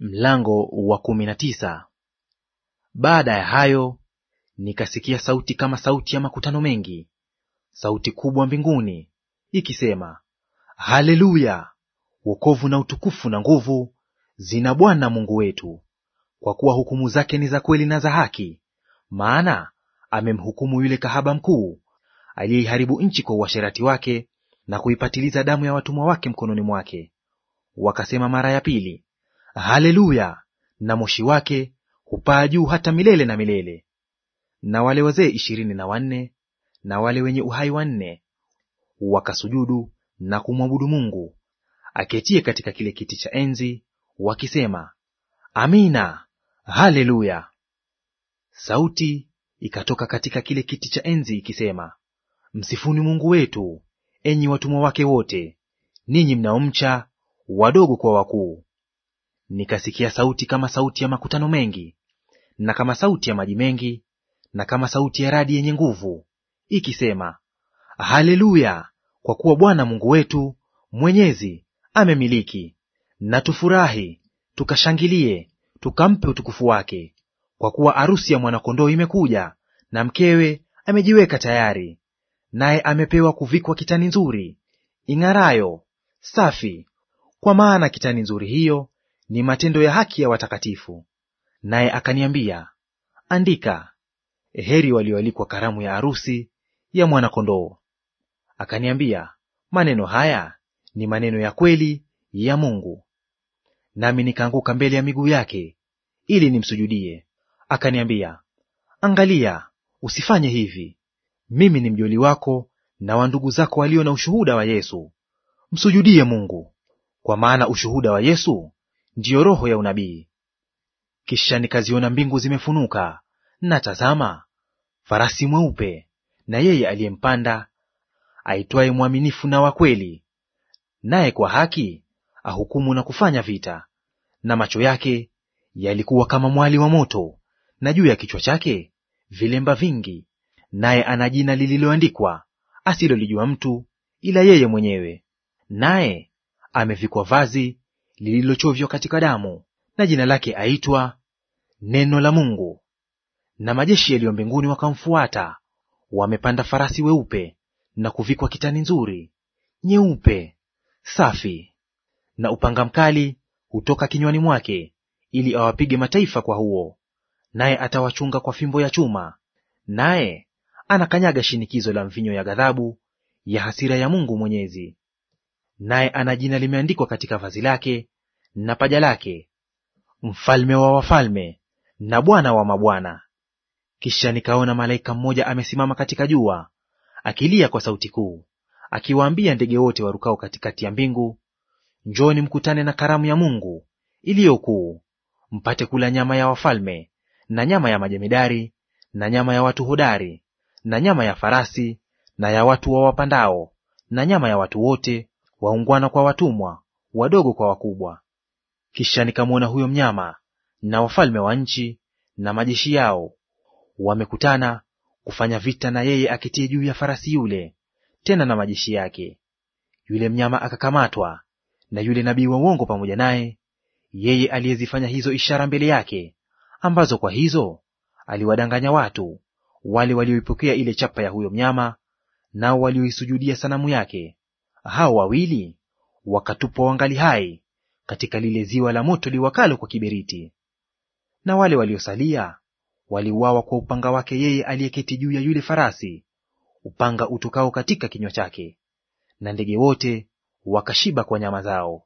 Mlango wa kumi na tisa. Baada ya hayo nikasikia sauti kama sauti ya makutano mengi, sauti kubwa mbinguni ikisema, Haleluya! Wokovu na utukufu na nguvu zina Bwana Mungu wetu, kwa kuwa hukumu zake ni za kweli na za haki, maana amemhukumu yule kahaba mkuu aliyeiharibu nchi kwa uasherati wake, na kuipatiliza damu ya watumwa wake mkononi mwake. Wakasema mara ya pili, Haleluya! Na moshi wake hupaa juu hata milele na milele. Na wale wazee ishirini na wanne na wale wenye uhai wanne wakasujudu na kumwabudu Mungu aketie katika kile kiti cha enzi, wakisema Amina, Haleluya. Sauti ikatoka katika kile kiti cha enzi ikisema, msifuni Mungu wetu, enyi watumwa wake wote, ninyi mnaomcha, wadogo kwa wakuu. Nikasikia sauti kama sauti ya makutano mengi, na kama sauti ya maji mengi, na kama sauti ya radi yenye nguvu, ikisema, Haleluya! Kwa kuwa Bwana Mungu wetu mwenyezi amemiliki. Na tufurahi tukashangilie, tukampe utukufu wake, kwa kuwa arusi ya mwana-kondoo imekuja, na mkewe amejiweka tayari. Naye amepewa kuvikwa kitani nzuri ing'arayo safi. Kwa maana kitani nzuri hiyo ni matendo ya haki ya watakatifu. Naye akaniambia, andika, heri walioalikwa karamu ya arusi ya mwana-kondoo. Akaniambia, maneno haya ni maneno ya kweli ya Mungu. Nami nikaanguka mbele ya miguu yake ili nimsujudie. Akaniambia, angalia, usifanye hivi. Mimi ni mjoli wako na wa ndugu zako walio na ushuhuda wa Yesu. Msujudie Mungu. Kwa maana ushuhuda wa Yesu ndiyo roho ya unabii. Kisha nikaziona mbingu zimefunuka, na tazama, farasi mweupe, na yeye aliyempanda aitwaye mwaminifu na wa kweli, naye kwa haki ahukumu na kufanya vita. Na macho yake yalikuwa kama mwali wa moto, na juu ya kichwa chake vilemba vingi, naye ana jina lililoandikwa asilolijua mtu ila yeye mwenyewe. Naye amevikwa vazi lililochovywa katika damu, na jina lake aitwa Neno la Mungu. Na majeshi yaliyo mbinguni wakamfuata, wamepanda farasi weupe na kuvikwa kitani nzuri nyeupe safi, na upanga mkali hutoka kinywani mwake, ili awapige mataifa kwa huo. Naye atawachunga kwa fimbo ya chuma, naye anakanyaga shinikizo la mvinyo ya ghadhabu ya hasira ya Mungu Mwenyezi naye ana jina limeandikwa katika vazi lake na paja lake, mfalme wa wafalme na Bwana wa mabwana. Kisha nikaona malaika mmoja amesimama katika jua akilia kwa sauti kuu, akiwaambia ndege wote warukao katikati ya mbingu, njoni mkutane na karamu ya Mungu iliyo kuu, mpate kula nyama ya wafalme na nyama ya majemadari na nyama ya watu hodari na nyama ya farasi na ya watu wa wapandao na nyama ya watu wote waungwana kwa watumwa, wadogo kwa wakubwa. Kisha nikamwona huyo mnyama na wafalme wa nchi na majeshi yao wamekutana kufanya vita na yeye akitie juu ya farasi yule, tena na majeshi yake. Yule mnyama akakamatwa na yule nabii wa uongo pamoja naye, yeye aliyezifanya hizo ishara mbele yake, ambazo kwa hizo aliwadanganya watu wale walioipokea ile chapa ya huyo mnyama, nao walioisujudia sanamu yake hao wawili wakatupwa wangali hai katika lile ziwa la moto liwakalo kwa kiberiti. Na wale waliosalia waliuawa kwa upanga wake yeye aliyeketi juu ya yule farasi, upanga utokao katika kinywa chake, na ndege wote wakashiba kwa nyama zao.